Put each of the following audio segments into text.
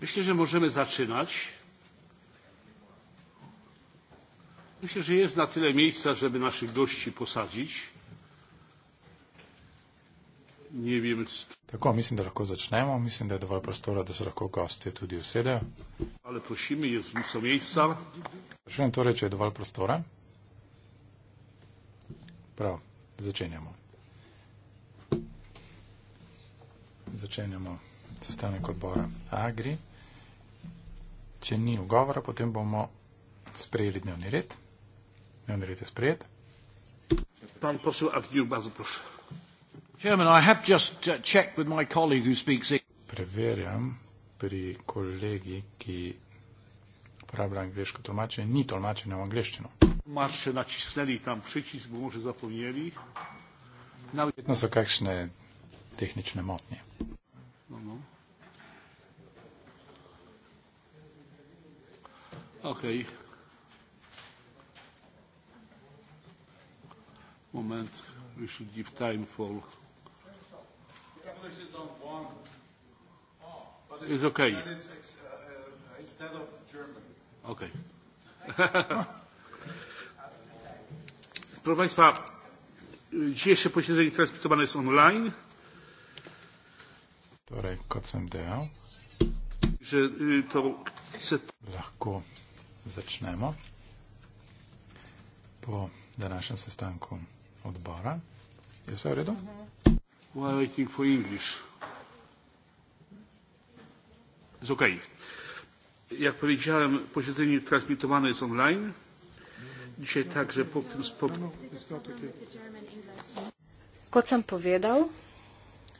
Myślę, że możemy zaczynać. Myślę, że jest na tyle miejsca, żeby naszych gości posadzić. Nie wiem, czy... Tako, myślę, że lahko zaczniemy. Myślę, że dovolj prostora, da se lahko goście tudi usede. Ale prosimy, jest mi miejsca. Zaczynam to, że dovolj prostora. Prav, zaczynamy. Zaczynamy. Sestanek odbora. A, gry. Če ni ugovora, potem bomo sprejeli dnevni red. Dnevni red je sprejet. Pan posel Akdjur Bazoproš. Chairman, I have just uh, checked with my colleague who speaks English. Preverjam pri kolegi, ki uporablja angliško tolmačenje, ni tolmačenje v angliščino. Marše načisneli tam pričisk, bomo že zapomnili. Na... Vjetno so kakšne tehnične motnje. Okej. Moment, we should give time for... It's okay. Instead of German. Okej. Proszę Państwa, dzisiejsze posiedzenie transmitowane jest online. Torej, kot sem dejal, že to se lahko začnemo po današnjem sestanku odbora. Je vse v redu? Why waiting for English? It's okay. Jak powiedziałem, posiedzenie transmitowane jest online. Dzisiaj także po tym spotkaniu. Kot sem povedal,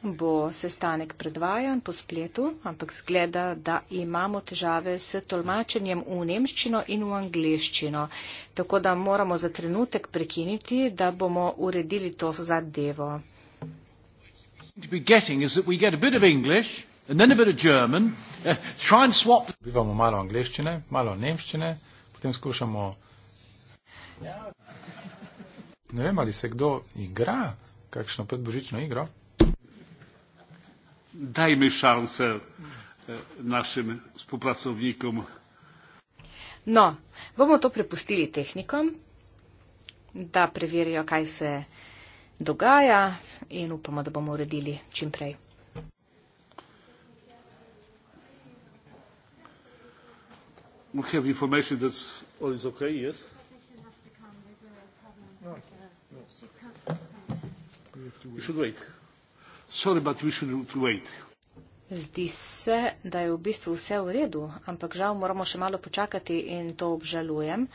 bo sestanek predvajan po spletu, ampak zgleda, da imamo težave s tolmačenjem v nemščino in v angliščino. Tako da moramo za trenutek prekiniti, da bomo uredili to zadevo. Uh, Dobivamo malo angliščine, malo nemščine, potem skušamo. Ne vem, ali se kdo igra kakšno predbožično igro dajmy szansę e, našim spolupracovnikom. No, bomo to prepustili tehnikom, da preverijo, kaj se dogaja in upamo, da bomo uredili čimprej. We have information that all is okay, yes? No. No. You should wait. Sorry, but we should wait. Zdi se, da je v bistvu vse v redu, ampak žal moramo še malo počakati in to obžalujem.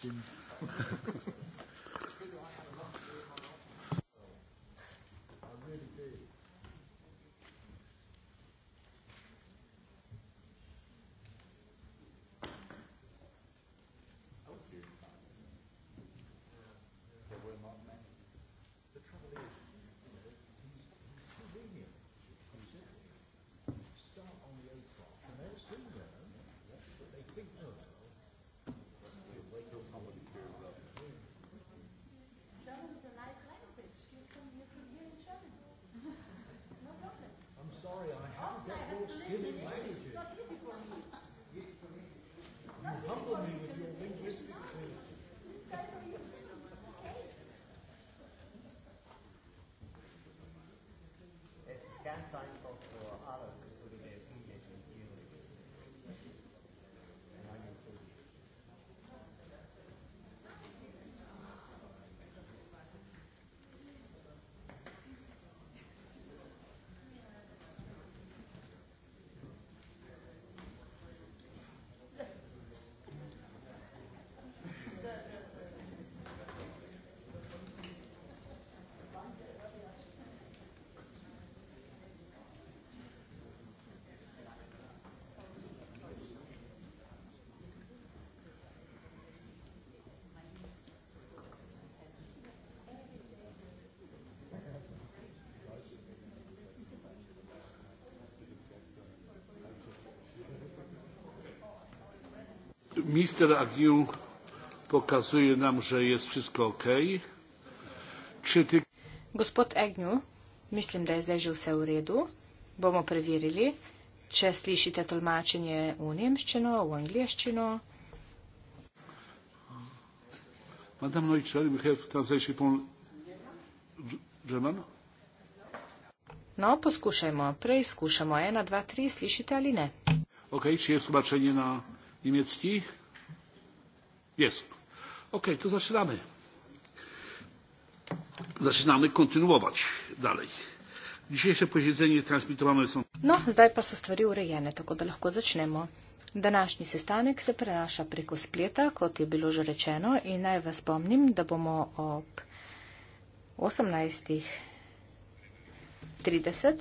Thank you. i thought you both minister agnew pokazuje nam że jest wszystko ok czy ty gospod agnew myślę że jest zdaj że w redu bomo preverili czy słyszycie tłumaczenie w niemieckiego w angielskiego madam neuchel we have translation from german no, poskušajmo, preizkušamo. Ena, dva, tri, slišite ali ne? Ok, če je tlumačenje na niemiecki? Jest. Ok, to zaczynamy. Zaczynamy kontynuować dalej. Dzisiejsze posiedzenie transmitowane są... No, zdaj pa so stvari urejene, tako da lahko začnemo. Današnji sestanek se prenaša preko spleta, kot je bilo že rečeno, in naj vas spomnim, da bomo ob 18.30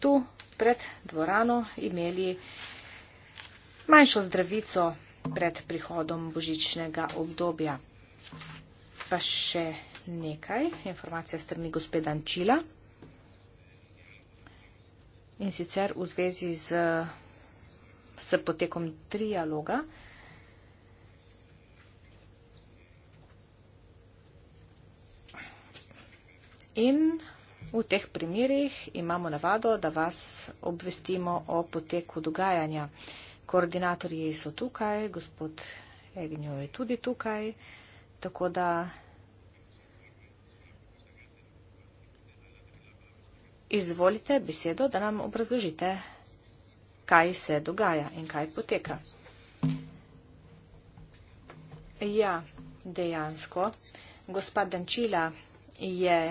tu pred dvorano imeli manjšo zdravico pred prihodom božičnega obdobja. Pa še nekaj, informacija strani gospoda Ančila. In sicer v zvezi z, s potekom trialoga. In v teh primerjih imamo navado, da vas obvestimo o poteku dogajanja. Uh, koordinatorji so tukaj, gospod Egnjo je tudi tukaj, tako da izvolite besedo, da nam obrazložite, kaj se dogaja in kaj poteka. Ja, dejansko, gospod Dančila je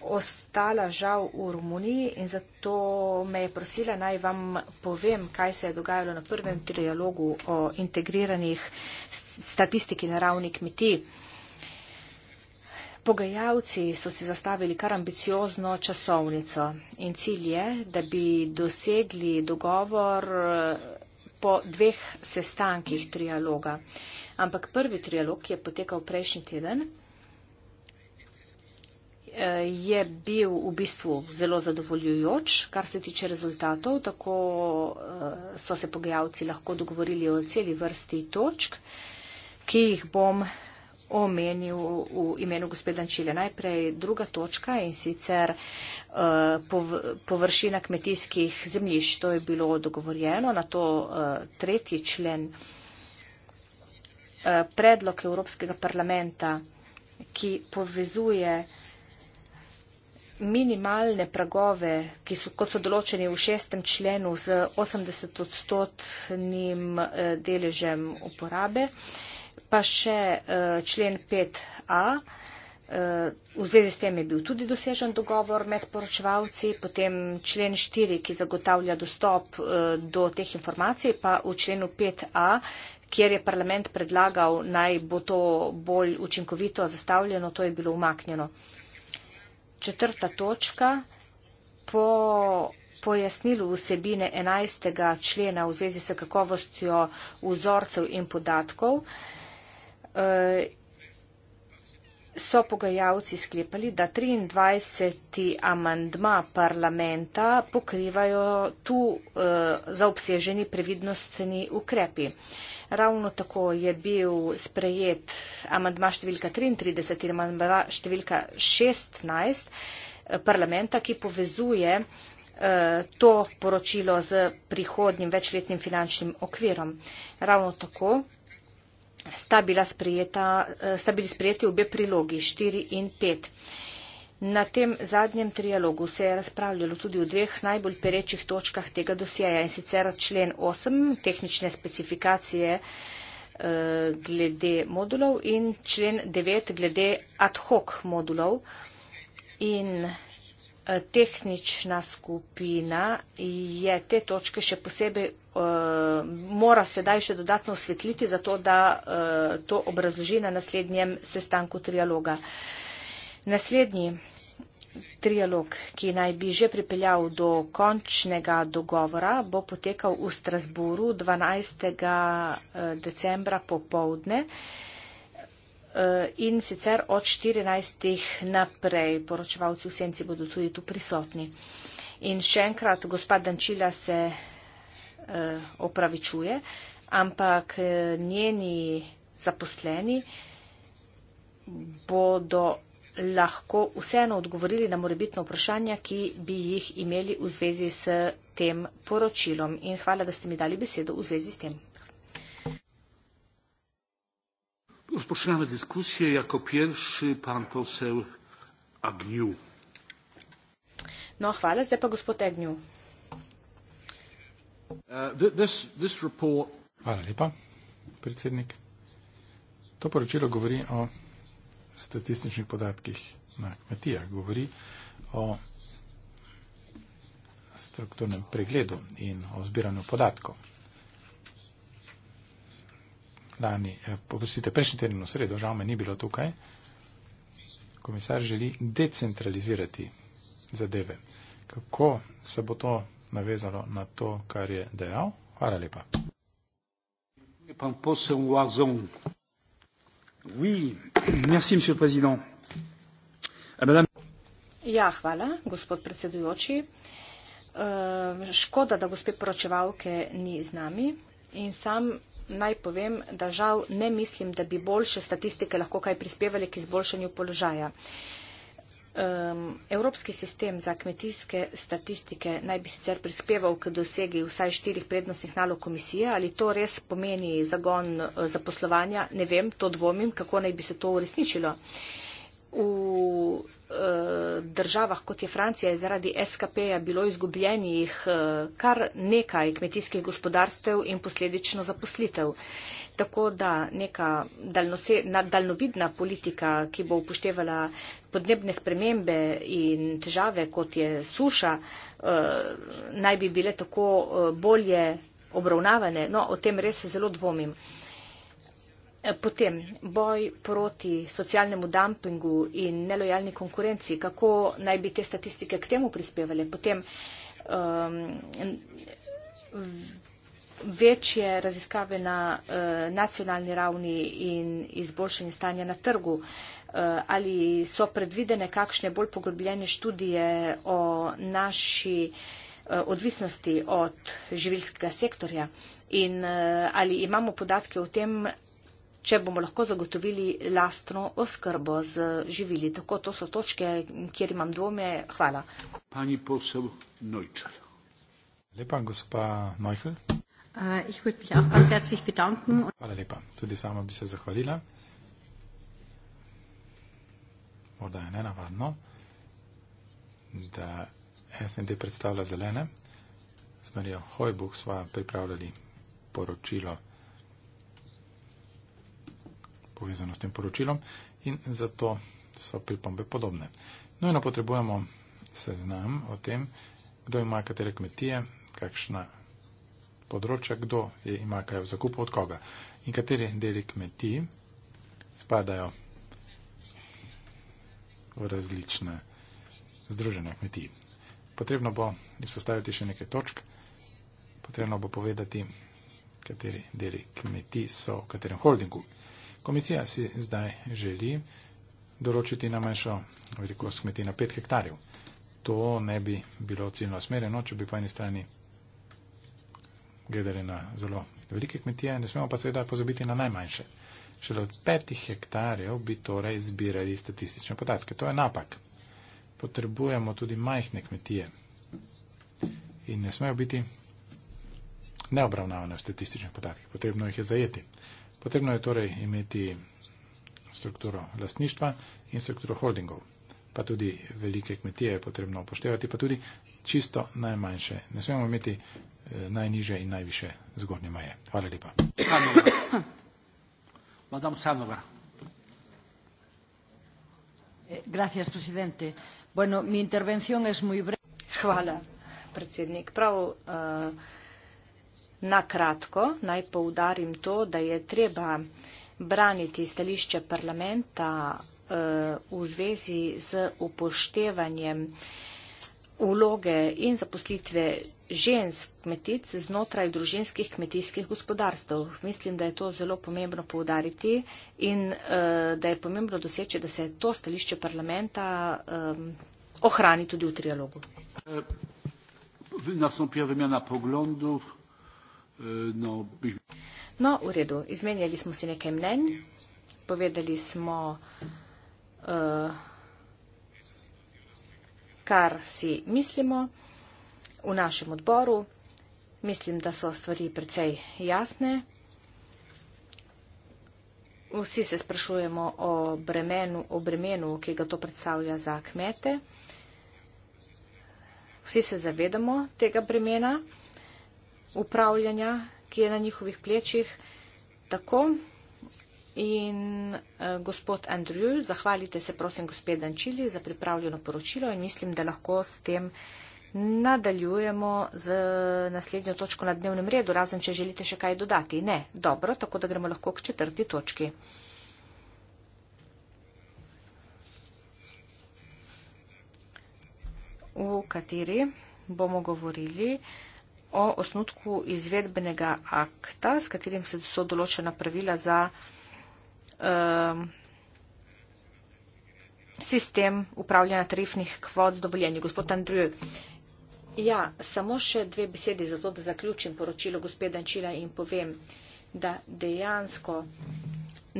ostala žal v Romuniji in zato me je prosila naj vam povem, kaj se je dogajalo na prvem trialogu o integriranih statistiki na ravni kmetij. Pogajalci so si zastavili kar ambiciozno časovnico in cilj je, da bi dosegli dogovor eh, po dveh sestankih trialoga. Ampak prvi trialog, ki je potekal prejšnji teden, je bil v bistvu zelo zadovoljujoč, kar se tiče rezultatov, tako eh, so se pogajalci lahko dogovorili o celi vrsti točk, ki jih bom omenil v imenu gospoda Čile. Najprej druga točka in sicer eh, površina kmetijskih zemljišč, to je bilo dogovorjeno, na to eh, tretji člen predlog Evropskega parlamenta, ki povezuje minimalne pragove, ki so kot so določeni v šestem členu z 80 odstotnim eh, deležem uporabe, pa še eh, člen 5a. Eh, v zvezi s tem je bil tudi dosežen dogovor med poročevalci, potem člen 4, ki zagotavlja dostop do teh informacij, pa v členu 5a, kjer je parlament predlagal, naj bo to bolj učinkovito zastavljeno, to je bilo umaknjeno. Četrta točka po pojasnilu vsebine 11. člena v zvezi s kakovostjo vzorcev in podatkov eh, so pogajalci sklepali, da 23. amandma parlamenta pokrivajo tu eh, zaobseženi previdnostni ukrepi. Ravno tako je bil sprejet amandma številka 33 in amandma številka 16 eh, parlamenta, ki povezuje eh, to poročilo z prihodnjim večletnim finančnim okvirom. Ravno tako sta, bila sprejeta, eh, sta bili sprejeti obe prilogi 4 in 5. Na tem zadnjem trialogu se je razpravljalo tudi o dveh najbolj perečih točkah tega dosjeja in sicer člen 8 tehnične specifikacije eh, glede modulov in člen 9 glede ad hoc modulov. In tehnična skupina je te točke še posebej eh, mora sedaj še dodatno osvetliti, zato da eh, to obrazloži na naslednjem sestanku trialoga. Naslednji trialog, ki naj bi že pripeljal do končnega dogovora, bo potekal v Strasburu 12. Eh, decembra popovdne. Eh, in sicer od 14. naprej. Poročevalci v senci bodo tudi tu prisotni. In še enkrat, gospod Dančila se eh, opravičuje, ampak eh, njeni zaposleni bodo lahko vseeno odgovorili na morebitno vprašanja, ki bi jih imeli v zvezi s tem poročilom. In hvala, da ste mi dali besedo v zvezi s tem. Rozpoczynamy dyskusję. Jako pierwszy pan poseł Agniu. No chwalę za pogospodegniu. Hvala lepa, predsednik. To poročilo govori o statističnih podatkih na kmetijah, govori o strukturnem pregledu in o zbiranju podatkov lani, poprosite, eh, prejšnji teden v sredo, žal me ni bilo tukaj, komisar želi decentralizirati zadeve. Kako se bo to navezalo na to, kar je dejal? Hvala lepa. Eh, ja, hvala, gospod predsedujoči. Eh, škoda, da gospe poročevalke ni z nami. In sam naj povem, da žal ne mislim, da bi boljše statistike lahko kaj prispevali k izboljšanju položaja. Evropski sistem za kmetijske statistike naj bi sicer prispeval k dosegi vsaj štirih prednostnih nalog komisije, ali to res pomeni zagon eh, zaposlovanja, ne vem, to dvomim, kako naj bi se to uresničilo. V Eh, državah, kot je Francija, je zaradi SKP-ja bilo izgubljenih eh, kar nekaj kmetijskih gospodarstev in posledično zaposlitev. Tako da neka daljnovidna politika, ki bo upoštevala podnebne spremembe in težave, kot je suša, eh, naj bi bile tako bolje obravnavane. No, o tem res zelo dvomim. Eh, potem boj proti socialnemu dumpingu in nelojalni konkurenci, kako naj bi te statistike k temu prispevali. Potem um, večje raziskave na uh, nacionalni ravni in izboljšanje stanja na trgu. Uh, ali so predvidene kakšne bolj poglobljene študije o naši odvisnosti od živilskega sektorja in ali imamo podatke o tem, če bomo lahko zagotovili lastno oskrbo z živili. Tako to so točke, kjer imam dvome. Hvala. Pani posel Neučar. Lepa, gospa Neuchel. Äh, Hvala lepa. Tudi sama bi se zahvalila. Morda je nenavadno, da SND predstavlja zelene. Smerijo Hojbuh sva pripravljali poročilo povezano s tem poročilom in zato so pripombe podobne. Nujno potrebujemo seznam o tem, kdo ima katere kmetije, kakšna področja, kdo je, ima kaj v zakupu od koga in kateri deli kmetij spadajo v različne združene kmetij. Potrebno bo izpostaviti še nekaj točk, potrebno bo povedati, kateri deli kmetij so v katerem holdingu. Komisija si zdaj želi določiti najmanjšo velikost kmetij na 5 hektarjev. To ne bi bilo ciljno smereno, če bi po eni strani gledali na zelo velike kmetije, ne smemo pa seveda pozabiti na najmanjše. Šele od 5 hektarjev bi torej zbirali statistične podatke. To je napak. Potrebujemo tudi majhne kmetije in ne smejo biti neobravnavane v statističnih podatkih. Potrebno jih je zajeti. Potrebno je torej imeti strukturo lastništva in strukturo holdingov, pa tudi velike kmetije je potrebno upoštevati, pa tudi čisto najmanjše. Ne smemo imeti eh, najniže in najviše zgornje maje. Hvala lepa. Eh, Hvala, predsednik. Prav. Uh, Na kratko naj poudarim to, da je treba braniti stališče parlamenta eh, v zvezi z upoštevanjem uloge in zaposlitve žensk kmetic znotraj družinskih kmetijskih gospodarstv. Mislim, da je to zelo pomembno poudariti in eh, da je pomembno doseči, da se to stališče parlamenta eh, ohrani tudi v trialogu. Nastopila je vmena pogledov. No, no, v redu. Izmenjali smo si nekaj mnenj. Povedali smo, uh, kar si mislimo v našem odboru. Mislim, da so stvari precej jasne. Vsi se sprašujemo o bremenu, o bremenu, ki ga to predstavlja za kmete. Vsi se zavedamo tega bremena upravljanja, ki je na njihovih plečih. Tako in uh, gospod Andrew, zahvalite se prosim gospod Dančili za pripravljeno poročilo in mislim, da lahko s tem nadaljujemo z naslednjo točko na dnevnem redu, razen če želite še kaj dodati. Ne, dobro, tako da gremo lahko k četrti točki. v kateri bomo govorili uh, o osnutku izvedbenega akta, s katerim se so določena pravila za um, sistem upravljanja tarifnih kvot dovoljenih. Gospod Andrej, ja, samo še dve besedi za to, da zaključim poročilo gospod Dančila in povem, da dejansko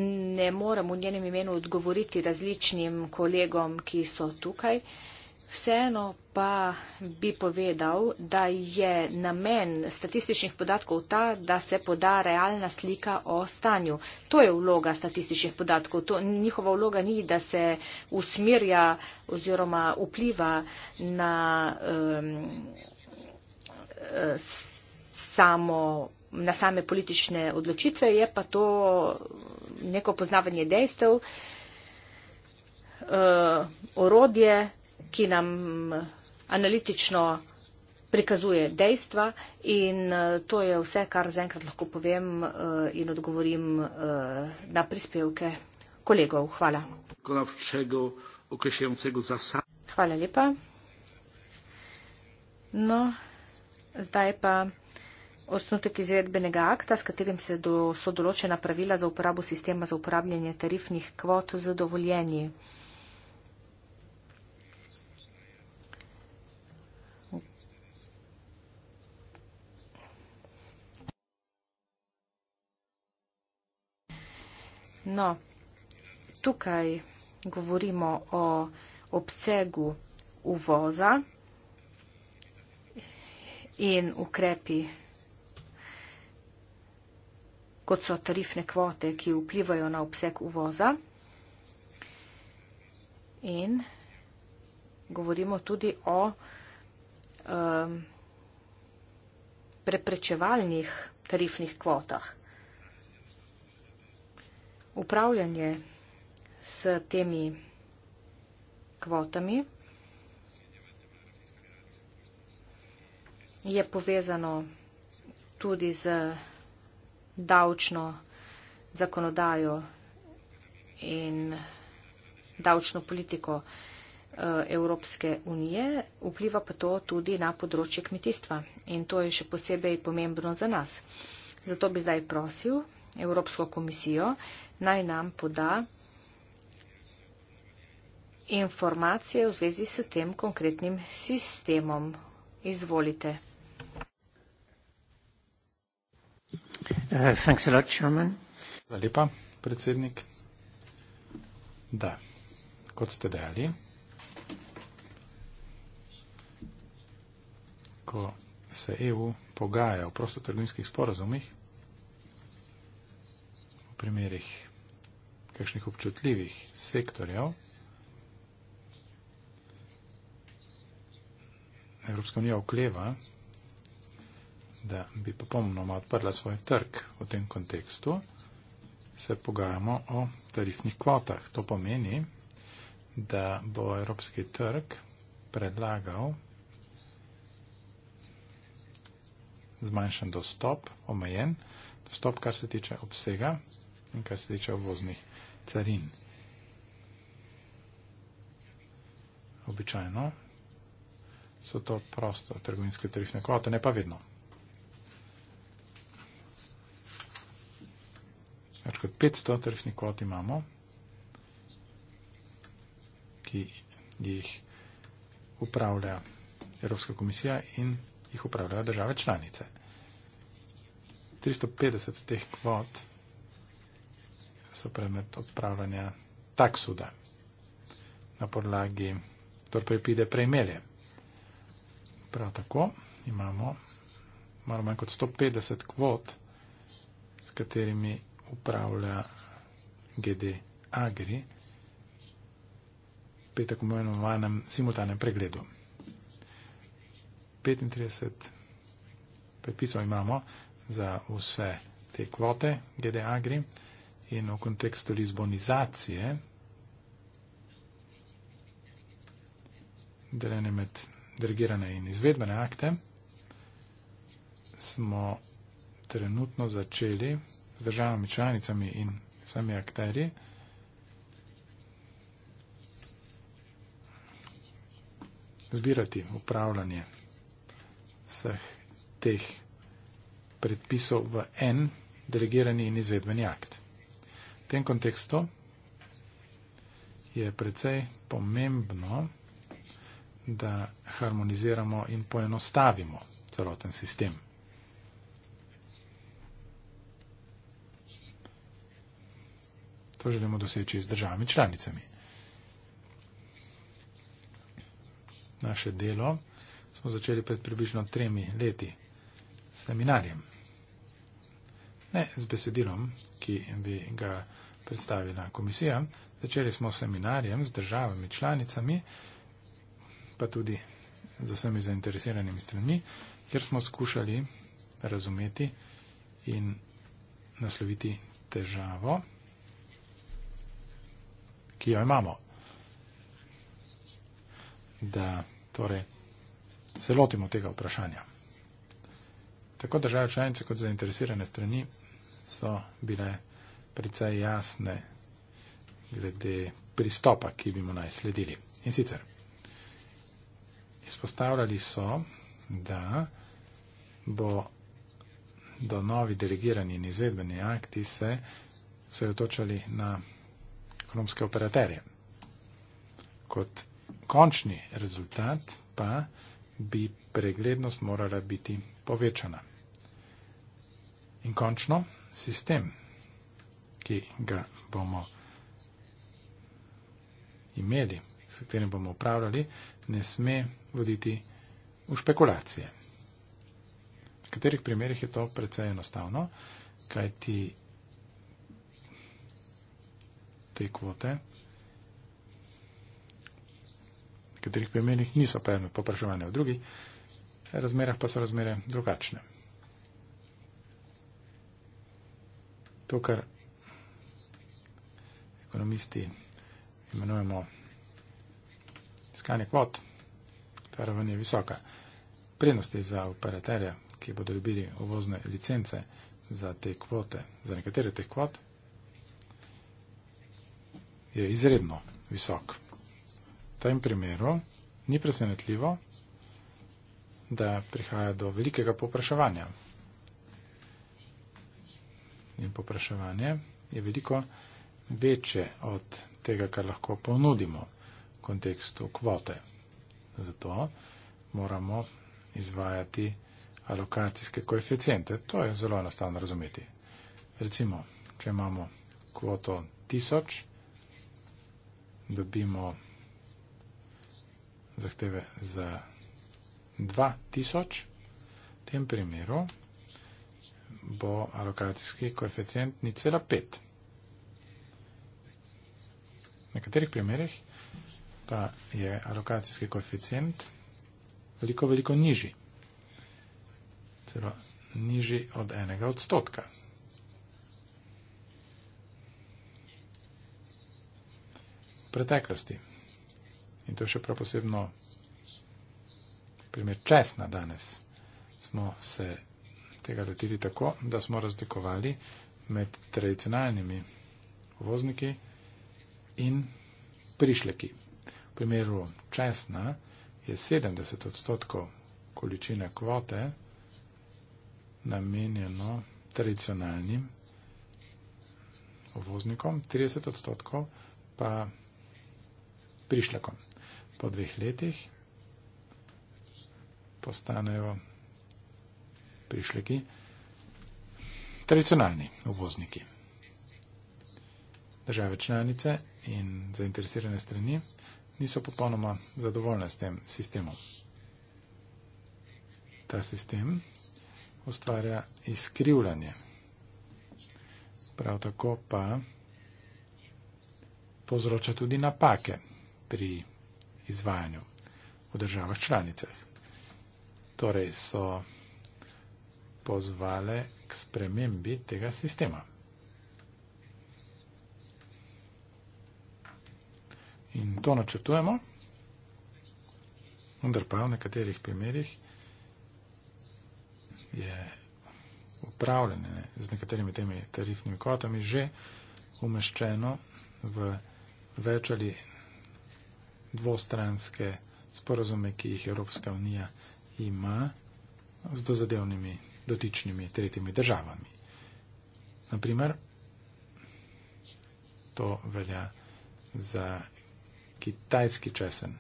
ne moram v njenem imenu odgovoriti različnim kolegom, ki so tukaj. Uh, Vseeno pa bi povedal, da je namen statističnih podatkov ta, da se poda realna slika o stanju. To je vloga statističnih podatkov. To, njihova vloga ni, da se usmerja oziroma vpliva na um, samo, na same politične odločitve, je pa to neko poznavanje dejstev, uh, orodje, ki nam eh, analitično prikazuje dejstva in eh, to je vse, kar zaenkrat lahko povem eh, in odgovorim na prispevke kolegov. Hvala. Hvala lepa. No, zdaj pa osnutek izvedbenega akta, s katerim se do, so določena pravila za uporabo sistema za upravljanje tarifnih kvot z dovoljenji. No, tukaj govorimo o obsegu uvoza in ukrepi, kot so tarifne kvote, ki vplivajo na obseg uvoza. In govorimo tudi o um, preprečevalnih tarifnih kvotah upravljanje s temi kvotami je povezano tudi z davčno zakonodajo in davčno politiko eh, Evropske unije, vpliva pa to tudi na področje kmetijstva in to je še posebej pomembno za nas. Zato bi zdaj prosil. Evropsko komisijo, naj nam poda informacije v zvezi s tem konkretnim sistemom. Izvolite. Uh, thanks a lot, Chairman. Hvala lepa, predsednik. Da, kot ste dejali, ko se EU pogaja v prostotrgovinskih sporazumih, primerih kakšnih občutljivih sektorjev Evropska unija okleva, da bi popolnoma odprla svoj trg v tem kontekstu, se pogajamo o tarifnih kvotah. To pomeni, da bo evropski trg predlagal zmanjšan dostop, omejen dostop, kar se tiče obsega in kar se tiče obvoznih carin. Običajno so to prosto trgovinske tarifne kvote, ne pa vedno. Več kot 500 tarifnih kvot imamo, ki jih upravlja Evropska komisija in jih upravljajo države članice. 350 teh kvot so premet odpravljanja tak suda na podlagi torpepide prejmelje. Prav tako imamo malo manj kot 150 kvot, s katerimi upravlja GD Agri pri tako imenovanem simultanem pregledu. 35 predpisov imamo za vse te kvote GD Agri in v kontekstu lizbonizacije, deljene med dirigirane in izvedbene akte, smo trenutno začeli z državami članicami in sami akteri zbirati upravljanje vseh teh predpisov v en delegirani in izvedbeni akt tem kontekstu je precej pomembno, da harmoniziramo in poenostavimo celoten sistem. To želimo doseči z državami članicami. Naše delo smo začeli pred približno tremi leti seminarjem ne z besedilom, ki bi ga predstavila komisija. Začeli smo s seminarjem z državami članicami, pa tudi z vsemi zainteresiranimi stranmi, kjer smo skušali razumeti in nasloviti težavo, ki jo imamo. Da torej se lotimo tega vprašanja tako države članice kot zainteresirane strani so bile precej jasne glede pristopa, ki bi mu naj sledili. In sicer izpostavljali so, da bo do novi delegirani in izvedbeni akti se sredotočali na ekonomske operaterje. Kot končni rezultat pa bi preglednost morala biti povečana. In končno, sistem, ki ga bomo imeli, s katerim bomo upravljali, ne sme voditi v špekulacije. V katerih primerjih je to precej enostavno, kaj ti te kvote, v katerih primerjih niso predmet popraševanja v drugih, razmerah pa so razmere drugačne. to, kar ekonomisti imenujemo iskanje kvot, ta raven je visoka. Prednosti za operaterja, ki bodo dobili uvozne licence za te kvote, za nekatere teh kvot, je izredno visok. V tem primeru ni presenetljivo, da prihaja do velikega popraševanja in popraševanje je veliko večje od tega, kar lahko ponudimo v kontekstu kvote. Zato moramo izvajati alokacijske koeficijente. To je zelo enostavno razumeti. Recimo, če imamo kvoto 1000, dobimo zahteve za 2000. V tem primeru bo alokacijski koeficient ni cela pet. V nekaterih primerih pa je alokacijski koeficient veliko, veliko nižji. Celo nižji od enega odstotka. V preteklosti. In to še prav posebno primer česna danes smo se tega lotili tako, da smo razlikovali med tradicionalnimi vozniki in prišleki. V primeru česna je 70 odstotkov količine kvote namenjeno tradicionalnim voznikom, 30 odstotkov pa prišlekom. Po dveh letih postanejo prišleki, tradicionalni uvozniki, države članice in zainteresirane strani niso popolnoma zadovoljne s tem sistemom. Ta sistem ustvarja izkrivljanje. Prav tako pa povzroča tudi napake pri izvajanju v državah članicah. Torej so pozvale k spremembi tega sistema. In to načrtujemo, vendar pa v nekaterih primerjih je upravljanje z nekaterimi temi tarifnimi kvotami že umeščeno v več ali dvostranske sporozume, ki jih Evropska unija ima z dozadevnimi dotičnimi tretjimi državami. Naprimer, to velja za kitajski česen,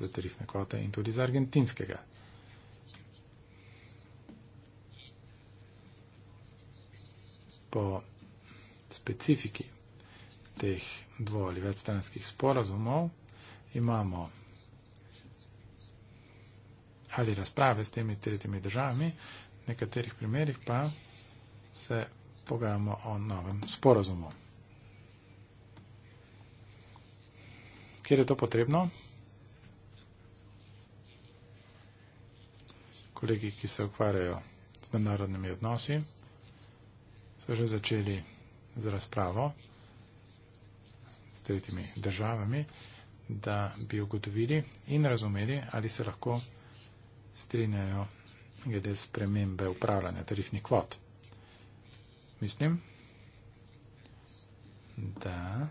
za tarifne kvote in tudi za argentinskega. Po specifiki teh dvo- ali večstranskih sporazumov imamo ali razprave s temi tretjimi državami, nekaterih primerjih pa se pogajamo o novem sporazumu. Kjer je to potrebno? Kolegi, ki se ukvarjajo z mednarodnimi odnosi, so že začeli z razpravo s tretjimi državami, da bi ugotovili in razumeli, ali se lahko strinjajo glede spremembe upravljanja tarifnih kvot. Mislim, da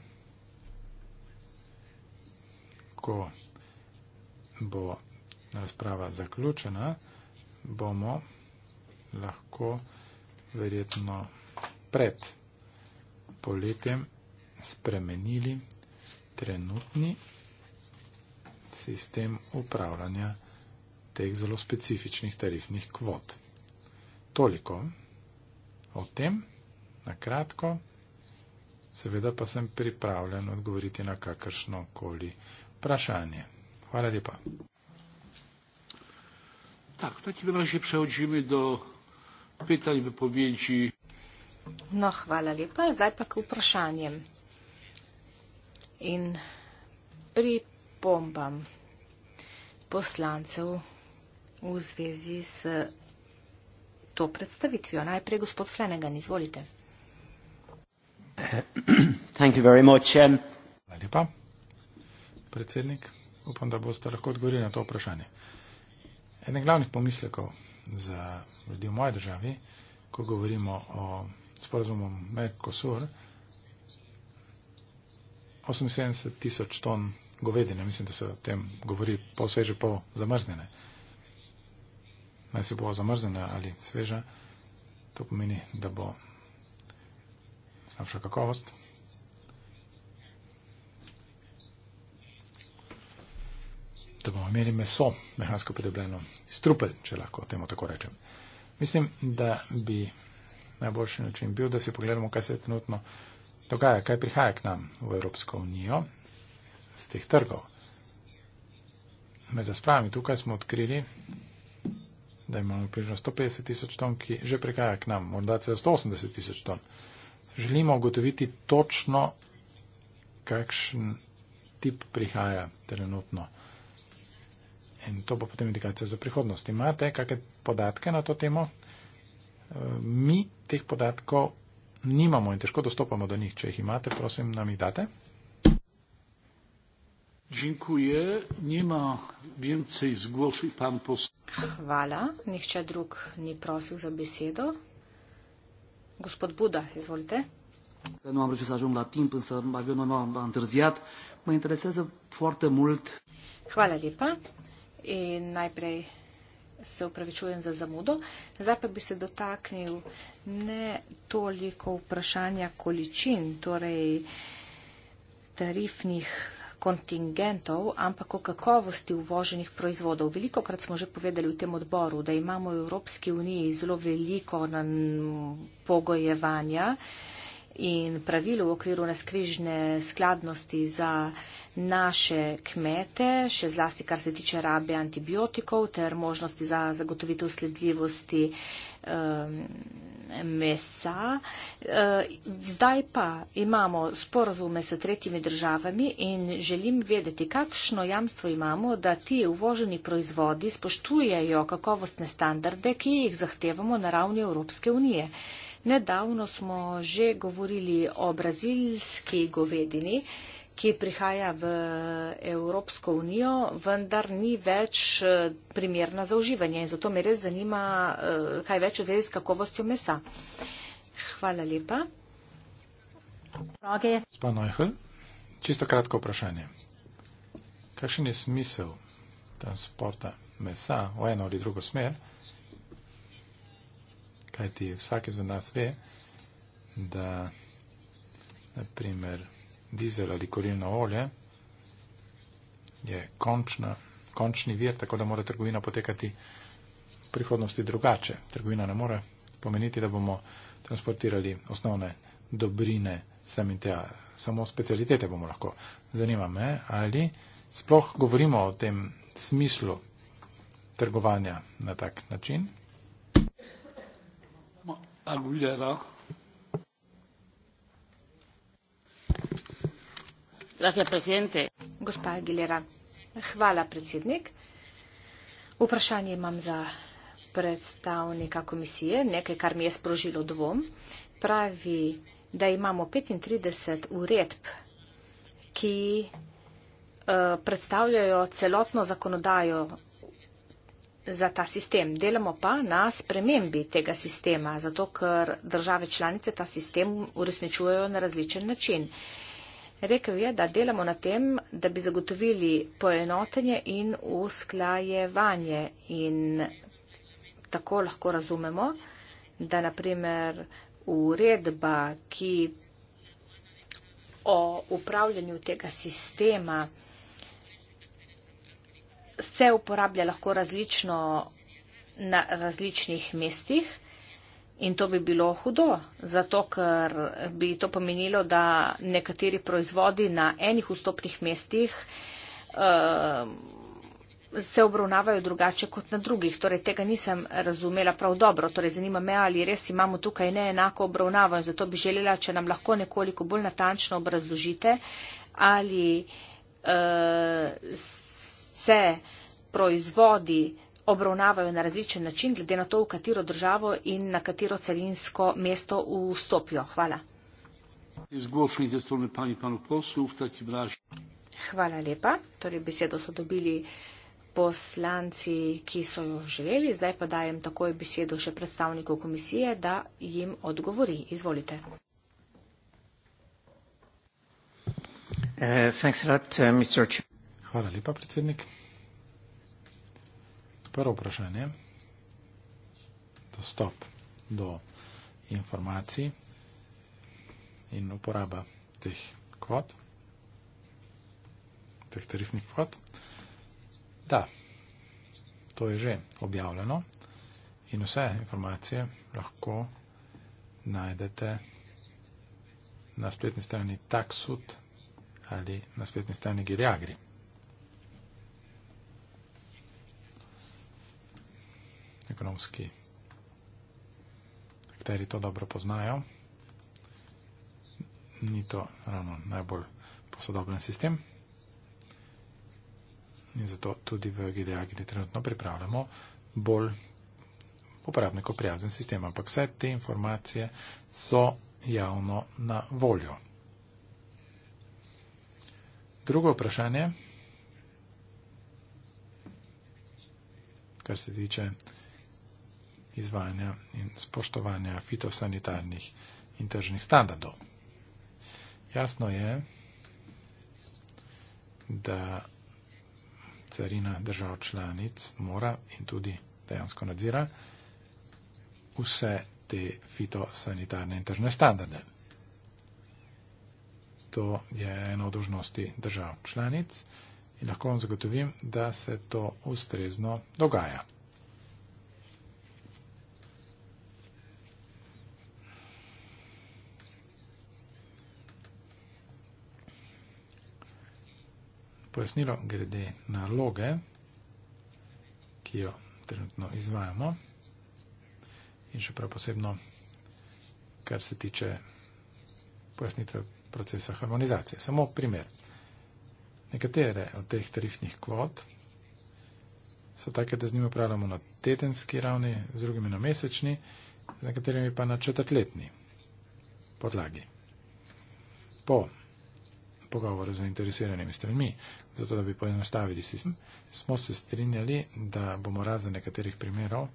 ko bo razprava zaključena, bomo lahko verjetno pred poletjem spremenili trenutni sistem upravljanja tarifnih kvot teh zelo specifičnih tarifnih kvot. Toliko o tem, na kratko. Seveda pa sem pripravljen odgovoriti na kakršno koli vprašanje. Hvala lepa. Tako, to je bilo že preodžimi do petaj v povedži. No, hvala lepa. Zdaj pa k vprašanjem. In pripombam poslancev v zvezi s to predstavitvijo. Najprej gospod Flanagan, izvolite. Um, Hvala lepa, predsednik. Upam, da boste lahko odgovorili na to vprašanje. Eden glavnih pomislekov za ljudi v moji državi, ko govorimo o sporazumu Mercosur, 78 tisoč ton govedine, mislim, da se o tem govori posveže, pol zamrznjene naj si bo zamrznjena ali sveža, to pomeni, da bo slabša kakovost. Da bomo imeli meso, mehansko pridobljeno, strupel, če lahko temu tako rečem. Mislim, da bi najboljši način bil, da si pogledamo, kaj se trenutno dogaja, kaj prihaja k nam v Evropsko unijo z teh trgov. Med razpravami tukaj smo odkrili, da imamo približno 150 tisoč ton, ki že prekaja k nam, morda celo 180 tisoč ton. Želimo ugotoviti točno, kakšen tip prihaja trenutno. In to bo potem indikacija za prihodnost. Imate kakšne podatke na to temo? E, mi teh podatkov nimamo in težko dostopamo do njih. Če jih imate, prosim, nam jih date. Dziękuję. Nie ma więcej zgłoszeń. Pan poseł. Hvala. Nihče drug ni prosil za besedo. Gospod Buda, izvolite. Hvala lepa. In najprej se upravičujem za zamudo. Zdaj pa bi se dotaknil ne toliko vprašanja količin, torej tarifnih kontingentov, ampak o kakovosti uvoženih proizvodov. Veliko krat smo že povedali v tem odboru, da imamo v Evropski uniji zelo veliko pogojevanja in pravil v okviru neskrižne skladnosti za naše kmete, še zlasti kar se tiče rabe antibiotikov ter možnosti za zagotovitev sledljivosti. Um, mesa. Eh, zdaj pa imamo sporozume s tretjimi državami in želim vedeti, kakšno jamstvo imamo, da ti uvoženi proizvodi spoštujejo kakovostne standarde, ki jih zahtevamo na ravni Evropske unije. Nedavno smo že govorili o brazilski govedini ki prihaja v Evropsko unijo, vendar ni več eh, primerna za uživanje. In zato me res zanima, eh, kaj več o zvezi s kakovostjo mesa. Hvala lepa. Gospod Neuhl, čisto kratko vprašanje. Kakšen je smisel transporta mesa v eno ali drugo smer? Kaj ti vsak izmed nas ve, da, naprimer, dizel ali kurilno olje, je končna, končni vir, tako da mora trgovina potekati v prihodnosti drugače. Trgovina ne more pomeniti, da bomo transportirali osnovne dobrine sem in tja, samo specialitete bomo lahko. Zanima me, ali sploh govorimo o tem smislu trgovanja na tak način. Ma, Gospa Aguilera, hvala predsednik. Vprašanje imam za predstavnika komisije, nekaj, kar mi je sprožilo dvom. Pravi, da imamo 35 uredb, ki uh, predstavljajo celotno zakonodajo za ta sistem. Delamo pa na spremembi tega sistema, zato ker države članice ta sistem uresničujejo na različen način. Uh, Rekl je, da delamo na tem, da bi zagotovili poenotenje in usklajevanje. In tako lahko razumemo, da naprimer uredba, ki o upravljanju tega sistema se uporablja lahko različno na različnih mestih, In to bi bilo hudo, zato ker bi to pomenilo, da nekateri proizvodi na enih vstopnih mestih uh, se obravnavajo drugače kot na drugih. Torej, tega nisem razumela prav dobro. Torej, zanima me, ali res imamo tukaj neenako obravnavo. Zato bi želela, če nam lahko nekoliko bolj natančno obrazložite, ali uh, se proizvodi obravnavajo na različen način, glede na to, v katero državo in na katero carinsko mesto vstopijo. Hvala. Hvala lepa. Torej besedo so dobili poslanci, ki so jo želeli. Zdaj pa dajem takoj besedo še predstavniku komisije, da jim odgovori. Izvolite. Uh, lot, uh, Hvala lepa, predsednik prvo vprašanje, dostop do informacij in uporaba teh kvot, teh tarifnih kvot. Da, to je že objavljeno in vse informacije lahko najdete na spletni strani Taksut ali na spletni strani Giriagri. ekonomski akteri to dobro poznajo. Ni to ravno najbolj posodobljen sistem. In zato tudi v GDA, ki trenutno pripravljamo, bolj uporabniko prijazen sistem. Ampak vse te informacije so javno na voljo. Drugo vprašanje, kar se tiče izvajanja in spoštovanja fitosanitarnih in tržnih standardov. Jasno je, da carina držav članic mora in tudi dejansko nadzira vse te fitosanitarne in tržne standarde. To je ena od dožnosti držav članic in lahko vam zagotovim, da se to ustrezno dogaja. pojasnilo glede naloge, ki jo trenutno izvajamo in še prav posebno, kar se tiče pojasnitve procesa harmonizacije. Samo primer. Nekatere od teh tarifnih kvot so take, da z njimi upravljamo na tedenski ravni, z drugimi na mesečni, z nekaterimi pa na četrtletni podlagi. Po pogovore z zainteresiranimi stranmi, zato da bi poenostavili sistem. Smo se strinjali, da bomo razen nekaterih primerov,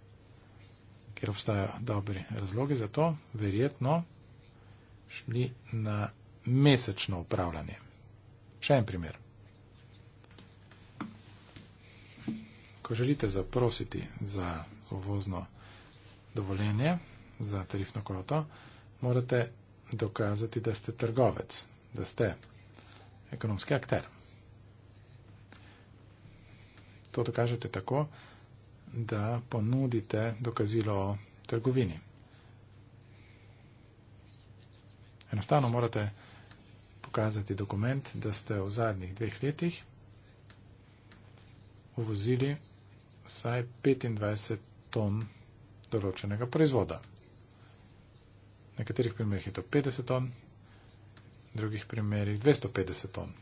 kjer obstajajo dobri razlogi za to, verjetno šli na mesečno upravljanje. Še en primer. Ko želite zaprositi za uvozno dovoljenje, za tarifno kvoto, morate dokazati, da ste trgovec, da ste ekonomski akter. To dokažete tako, da ponudite dokazilo o trgovini. Enostavno morate pokazati dokument, da ste v zadnjih dveh letih uvozili vsaj 25 ton določenega proizvoda. V nekaterih primerih je to 50 ton, drugih primerjih 250 ton.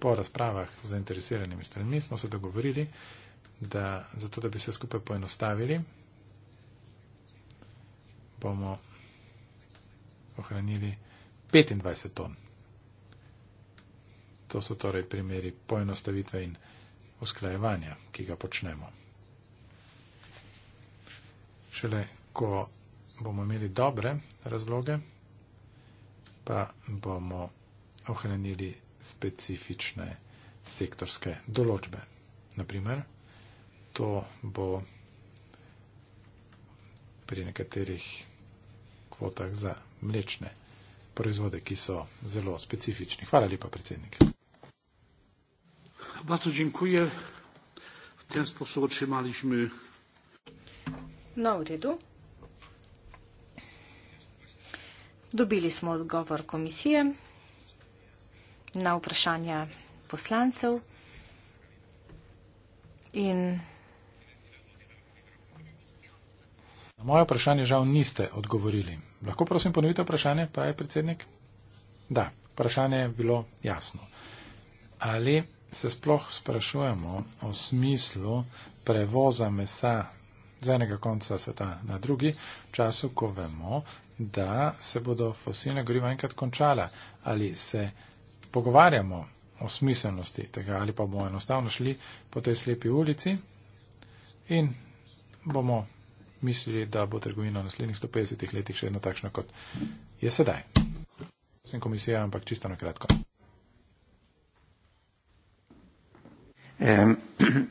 Po razpravah z zainteresiranimi stranmi smo se dogovorili, da zato, da bi vse skupaj poenostavili, bomo ohranili 25 ton. To so torej primeri poenostavitve in usklajevanja, ki ga počnemo. Šele ko bomo imeli dobre razloge, pa bomo ohranili specifične sektorske določbe. Naprimer, to bo pri nekaterih kvotah za mlečne proizvode, ki so zelo specifični. Hvala lepa, predsednik. Bardzo dziękuję. W ten sposób otrzymaliśmy. No, redu. Dobili smo odgovor komisije na vprašanja poslancev in Na moje vprašanje žal niste odgovorili. Lahko prosim ponovite vprašanje, pravi predsednik? Da, vprašanje je bilo jasno. Ali se sploh sprašujemo o smislu prevoza mesa z enega konca sveta na drugi, v času, ko vemo, da se bodo fosilna goriva enkrat končala. Ali se pogovarjamo o smiselnosti tega, ali pa bomo enostavno šli po tej slepi ulici in bomo mislili, da bo trgovina v naslednjih 150 letih še vedno takšna, kot je sedaj. Sem komisija, ampak čisto na kratko. Um,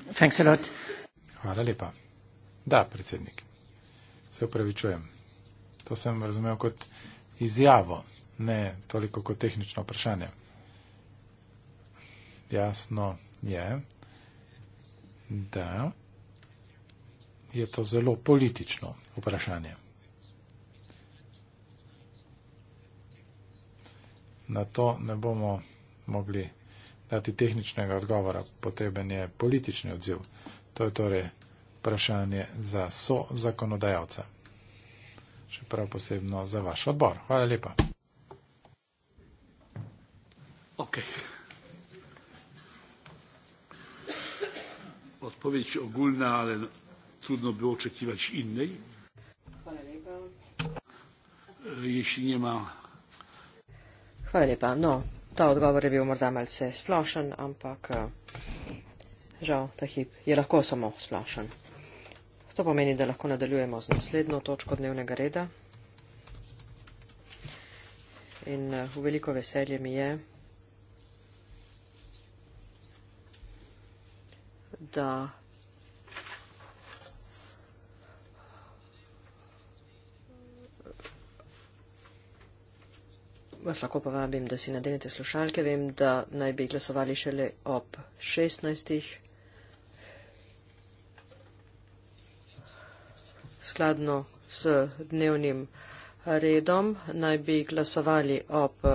Hvala lepa. Da, predsednik. Se upravičujem. To sem razumel kot izjavo, ne toliko kot tehnično vprašanje. Jasno je, da je to zelo politično vprašanje. Na to ne bomo mogli dati tehničnega odgovora, potreben je politični odziv. To je torej vprašanje za so zakonodajalca še prav posebno za vaš odbor. Hvala lepa. Ok. Odpovedi ogulna, ali trudno bi očekivač innej. Hvala lepa. Ještě njema. Hvala lepa. No, ta odgovor je bil morda malce splošen, ampak eh, žal, ta hip je lahko samo splošen. To pomeni, da lahko nadaljujemo z naslednjo točko dnevnega reda. In eh, v veliko veselje mi je, da vas lahko povabim, da si nadenete slušalke. Vem, da naj bi glasovali šele ob 16. skladno s dnevnim redom, naj bi glasovali ob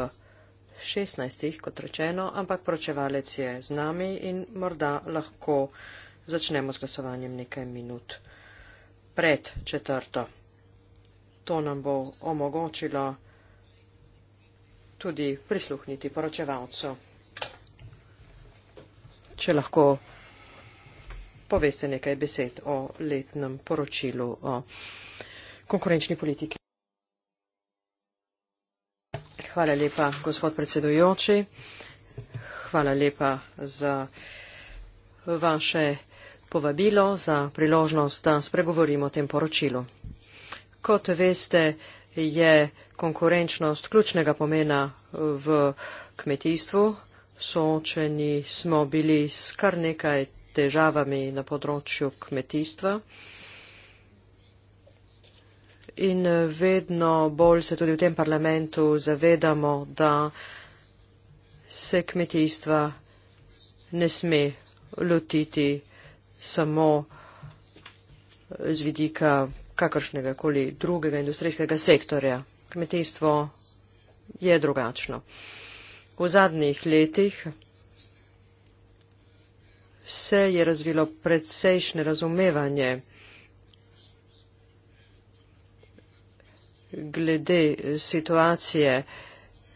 16. kot rečeno, ampak pročevalec je z nami in morda lahko začnemo z glasovanjem nekaj minut pred četrto. To nam bo omogočilo tudi prisluhniti poročevalcu. Če lahko poveste nekaj besed o letnem poročilu o konkurenčni politiki. Hvala lepa, gospod predsedujoči. Hvala lepa za vaše povabilo, za priložnost, da spregovorimo o tem poročilu. Kot veste, je konkurenčnost ključnega pomena v kmetijstvu. Soočeni smo bili s kar nekaj težavami na področju kmetijstva. In eh, vedno bolj se tudi v tem parlamentu zavedamo, da se kmetijstva ne sme lotiti samo eh, z vidika kakršnega koli drugega industrijskega sektorja. Kmetijstvo je drugačno. V zadnjih letih se je razvilo predsejšnje razumevanje glede situacije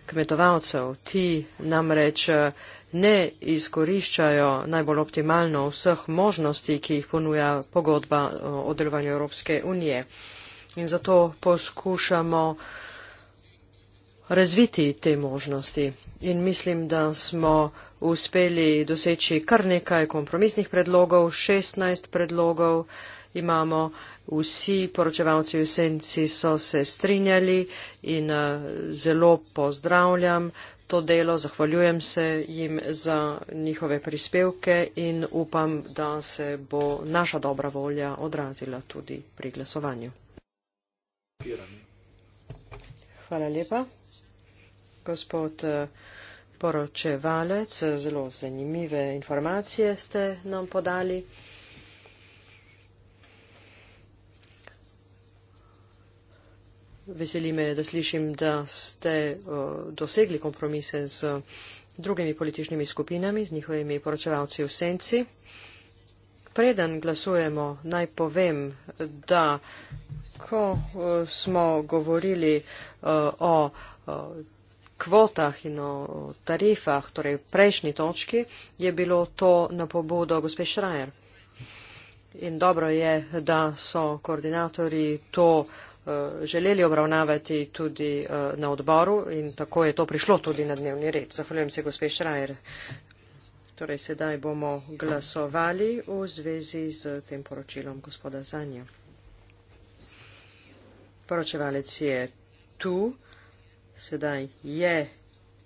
kmetovalcev. Ti namreč eh, ne izkoriščajo najbolj optimalno vseh možnosti, ki jih ponuja pogodba eh, o delovanju Evropske unije. In zato poskušamo uh, razviti te možnosti. In mislim, da smo uspeli doseči kar nekaj kompromisnih predlogov, 16 predlogov imamo, vsi poročevalci v senci so se strinjali in eh, zelo pozdravljam to delo, zahvaljujem se jim za njihove prispevke in upam, da se bo naša dobra volja odrazila tudi pri glasovanju. Hvala lepa gospod eh, poročevalec, eh, zelo zanimive informacije ste nam podali. Veseli me, da slišim, da ste eh, dosegli kompromise z drugimi političnimi skupinami, z njihovimi poročevalci v senci. Preden glasujemo, naj povem, da ko smo govorili o kvotah in o tarifah, torej v prejšnji točki, je bilo to na pobudo gospe Šrajer. In dobro je, da so koordinatori to eh, želeli obravnavati tudi eh, na odboru in tako je to prišlo tudi na dnevni red. Zahvaljujem se, gospe Šrajer. Torej, sedaj bomo glasovali v zvezi z tem poročilom gospoda Zanja. Poročevalec je tu. Sedaj je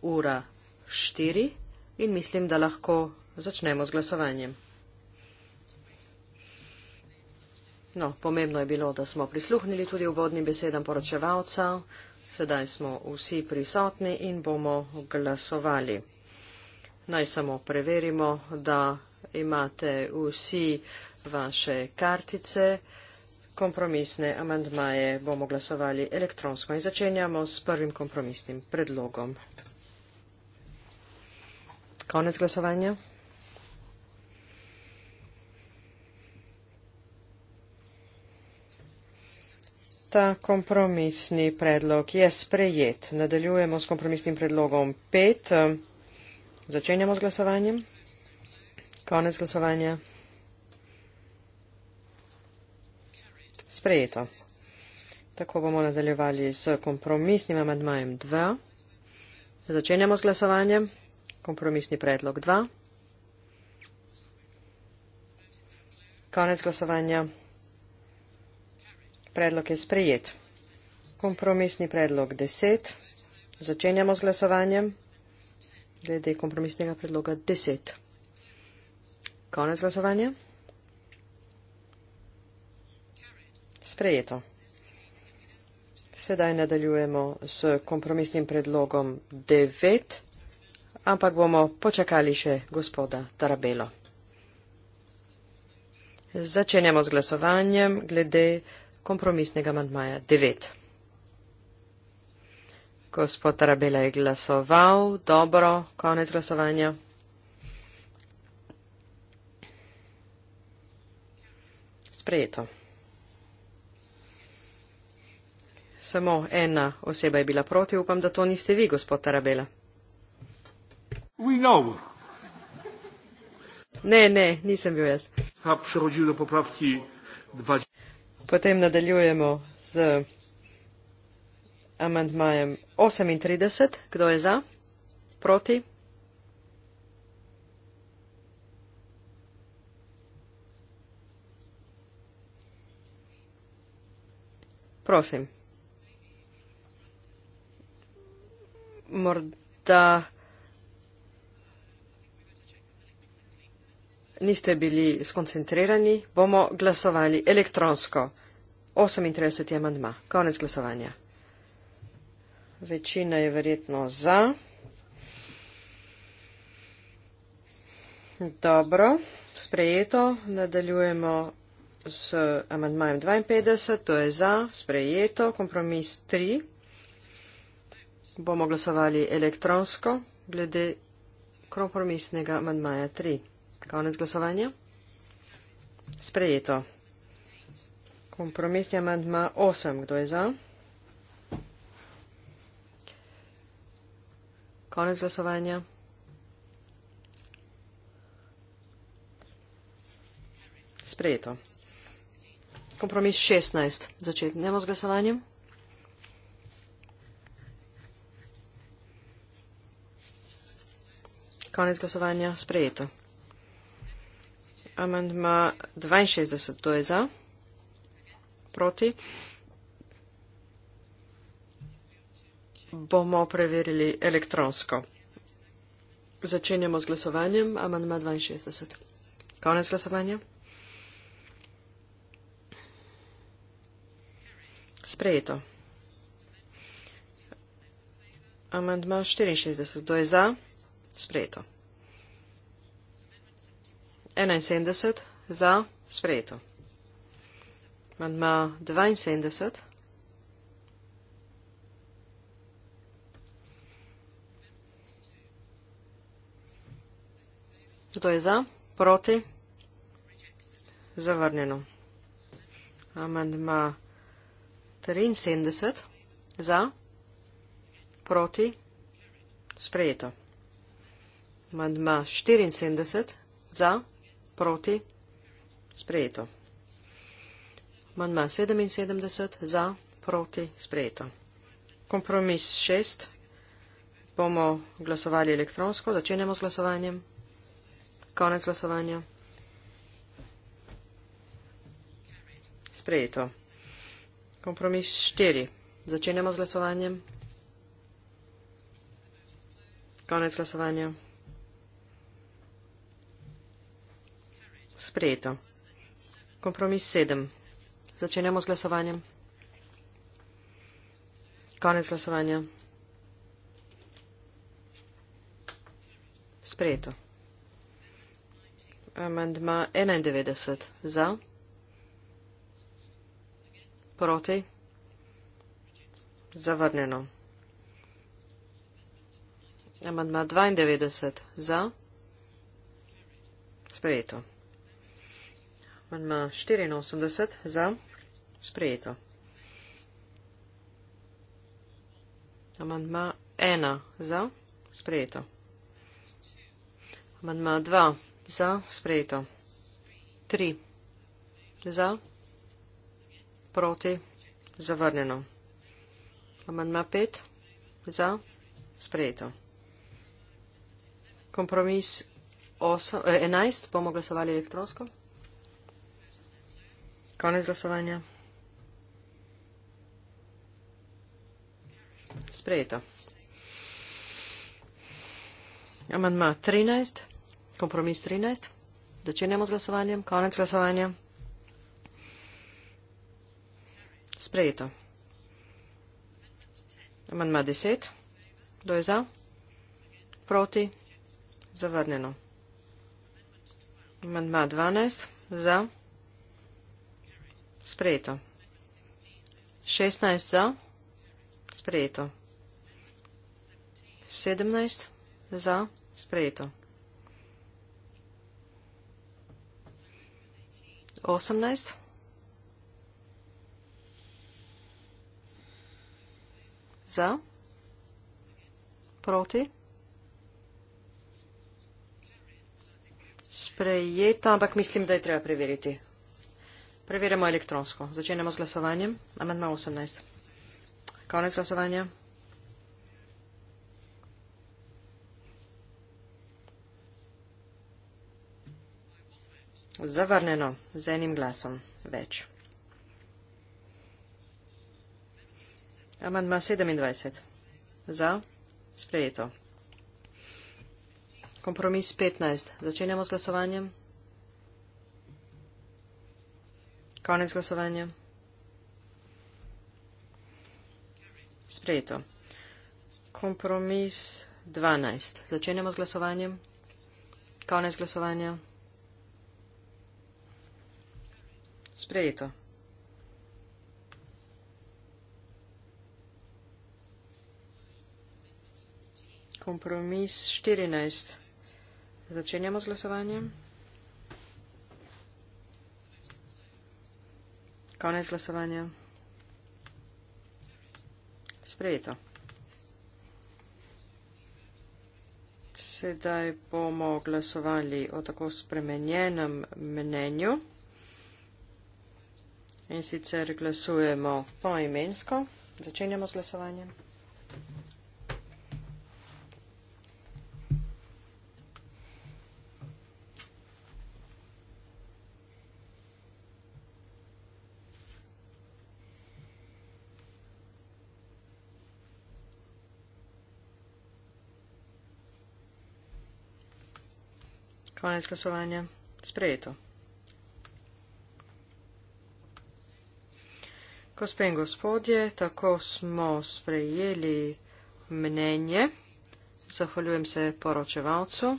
ura štiri in mislim, da lahko začnemo z glasovanjem. No, pomembno je bilo, da smo prisluhnili tudi uvodnim besedam poročevalcev. Sedaj smo vsi prisotni in bomo glasovali. Naj samo preverimo, da imate vsi vaše kartice kompromisne amandmaje bomo glasovali elektronsko. In začenjamo s prvim kompromisnim predlogom. Konec glasovanja. Ta kompromisni predlog je sprejet. Nadaljujemo s kompromisnim predlogom 5. Začenjamo z glasovanjem. Konec glasovanja. sprejeto. Tako bomo nadaljevali s kompromisnim amadmajem 2. Začenjamo z glasovanjem. Kompromisni predlog 2. Konec glasovanja. Predlog je sprejet. Kompromisni predlog 10. Začenjamo z glasovanjem. Glede kompromisnega predloga 10. Konec glasovanja. Sprejeto. Sedaj nadaljujemo s kompromisnim predlogom 9, ampak bomo počakali še gospoda Tarabelo. Začenjamo z glasovanjem glede kompromisnega mandmaja 9. Gospod Tarabela je glasoval. Dobro, konec glasovanja. Sprejeto. samo ena oseba je bila proti, upam, da to niste vi, gospod Tarabela. Ne, ne, nisem bil jaz. Potem nadaljujemo z amantmajem 38. Kdo je za? Proti? Prosim. morda niste bili skoncentrirani, bomo glasovali elektronsko. 38. amandma. Konec glasovanja. Večina je verjetno za. Dobro, sprejeto. Nadaljujemo s amandmajem 52, to je za, sprejeto. Kompromis 3 bomo glasovali elektronsko glede kompromisnega manjmaja 3. Konec glasovanja. Sprejeto. Kompromisni manjma 8. Kdo je za? Konec glasovanja. Sprejeto. Kompromis 16. Začetnemo z glasovanjem. Konec glasovanja sprejeto. Amendma 62, to je za. Proti. Bomo preverili elektronsko. Začenjamo z glasovanjem. Amendma 62. Konec glasovanja. Sprejeto. Amendma 64. Kdo je za? Sprejeto. 71 za sprejeto. Mandma 72. Kdo je za? Proti? Zavrnjeno. Amandma 73 za, proti, sprejeto. Amandma 74 za, proti, sprejeto. Amandma 77 za, proti, sprejeto. Kompromis 6. Bomo glasovali elektronsko, začenjamo z glasovanjem. Konec glasovanja. Sprejeto. Kompromis 4. Začenjamo z glasovanjem. Konec glasovanja. sprejeto. Kompromis sedem. Začenjamo z glasovanjem. Konec glasovanja. Sprejeto. Amendma 91. Za. Proti. Zavrnjeno. Amendma 92. Za. Sprejeto. Amandma 84 za sprejeto. Amandma 1 za sprejeto. Amandma 2 za sprejeto. 3 za proti zavrnjeno. Amandma 5 za sprejeto. Kompromis 11 eh, bomo glasovali elektronsko. Konec glasovanja. Sprejeto. Amandma 13, kompromis 13. Začenjamo z glasovanjem. Konec glasovanja. Sprejeto. Amandma 10. Kdo je za? Proti? Zavrnjeno. Amandma 12. Za? Sprejeto. 16 za. Sprejeto. 17 za. Sprejeto. 18. Za. Proti. Sprejeta, ampak mislim, da je treba preveriti. Preverjamo elektronsko. Začenjamo z glasovanjem. Amendma 18. Konec glasovanja. Zavrneno z enim glasom več. Amandma 27. Za. Sprejeto. Kompromis 15. Začenjamo z glasovanjem. Konec glasovanja. Sprejeto. Kompromis 12. Začenjamo z glasovanjem. Konec glasovanja. Sprejeto. Kompromis 14. Začenjamo z glasovanjem. Konec glasovanja. Sprejeto. Sedaj bomo glasovali o tako spremenjenem mnenju. In sicer glasujemo poimensko. Začenjamo z glasovanjem. Konec glasovanja. Sprejeto. Gospe in gospodje, tako smo sprejeli mnenje. Zahvaljujem se poročevalcu.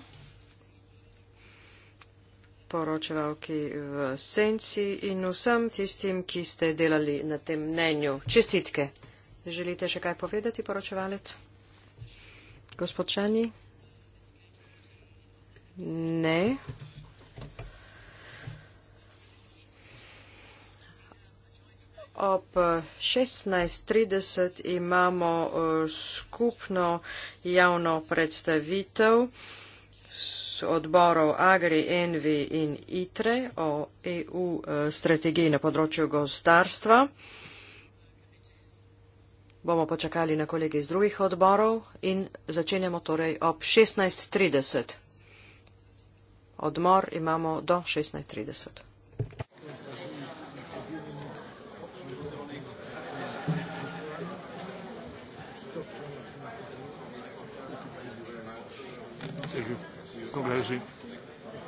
Poročevalki v senci in vsem tistim, ki ste delali na tem mnenju. Čestitke. Želite še kaj povedati, poročevalec? Gospod Čani? Ne. Ob 16.30 imamo eh, skupno javno predstavitev s odborov Agri, Envi in ITRE o EU eh, strategiji na področju gostarstva. Bomo počakali na kolege iz drugih odborov in začenjamo torej ob 16.30. Odmor imamo do 16.30. Thank you.